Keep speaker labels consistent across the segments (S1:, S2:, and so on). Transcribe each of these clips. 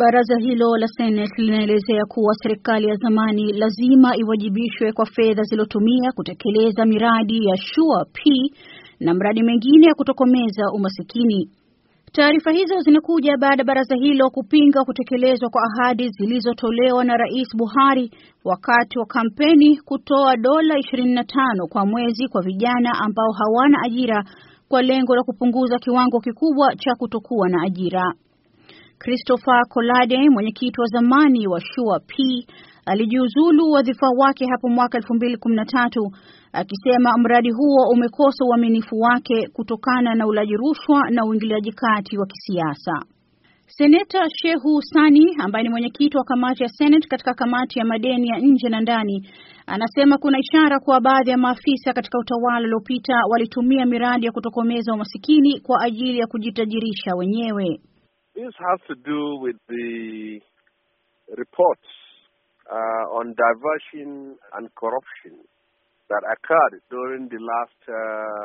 S1: Baraza hilo la Senate linaelezea kuwa serikali ya zamani lazima iwajibishwe kwa fedha zilizotumia kutekeleza miradi ya Shua P na mradi mengine ya kutokomeza umasikini. Taarifa hizo zinakuja baada ya baraza hilo kupinga kutekelezwa kwa ahadi zilizotolewa na Rais Buhari wakati wa kampeni kutoa dola 25 kwa mwezi kwa vijana ambao hawana ajira kwa lengo la kupunguza kiwango kikubwa cha kutokuwa na ajira. Christopher Kolade, mwenyekiti wa zamani wa Shua P, alijiuzulu wadhifa wake hapo mwaka 2013 akisema mradi huo umekosa uaminifu wake kutokana na ulaji rushwa na uingiliaji kati wa kisiasa. Seneta Shehu Sani ambaye ni mwenyekiti wa kamati ya Senate katika kamati ya madeni ya nje na ndani anasema kuna ishara kuwa baadhi ya maafisa katika utawala uliopita walitumia miradi ya kutokomeza umasikini kwa ajili ya kujitajirisha wenyewe.
S2: This has to do with the reports uh, on diversion and corruption that occurred during the last uh,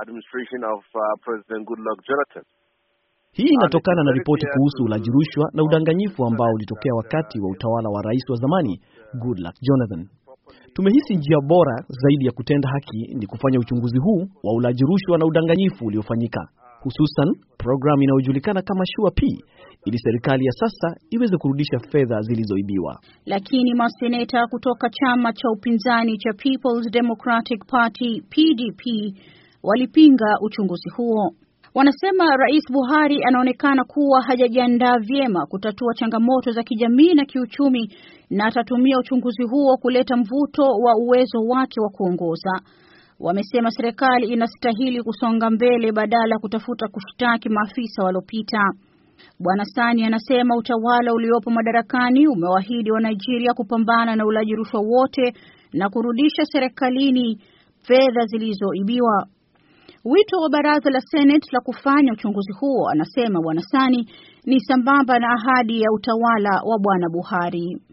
S2: administration of uh, President Goodluck Jonathan. Hii inatokana na ripoti kuhusu ulaji rushwa na udanganyifu ambao ulitokea wakati wa utawala wa rais wa zamani Goodluck Jonathan. Tumehisi njia bora zaidi ya kutenda haki ni kufanya uchunguzi huu wa ulaji rushwa na udanganyifu uliofanyika hususan programu inayojulikana kama Shua P ili serikali ya sasa iweze kurudisha fedha zilizoibiwa.
S1: Lakini maseneta kutoka chama cha upinzani cha People's Democratic Party PDP walipinga uchunguzi huo. Wanasema Rais Buhari anaonekana kuwa hajajiandaa vyema kutatua changamoto za kijamii na kiuchumi na atatumia uchunguzi huo kuleta mvuto wa uwezo wake wa kuongoza wamesema serikali inastahili kusonga mbele badala ya kutafuta kushtaki maafisa waliopita. Bwana Sani anasema utawala uliopo madarakani umewahidi wa Nigeria kupambana na ulaji rushwa wote na kurudisha serikalini fedha zilizoibiwa. Wito wa baraza la Senate la kufanya uchunguzi huo, anasema Bwana Sani, ni sambamba na ahadi ya utawala wa Bwana Buhari.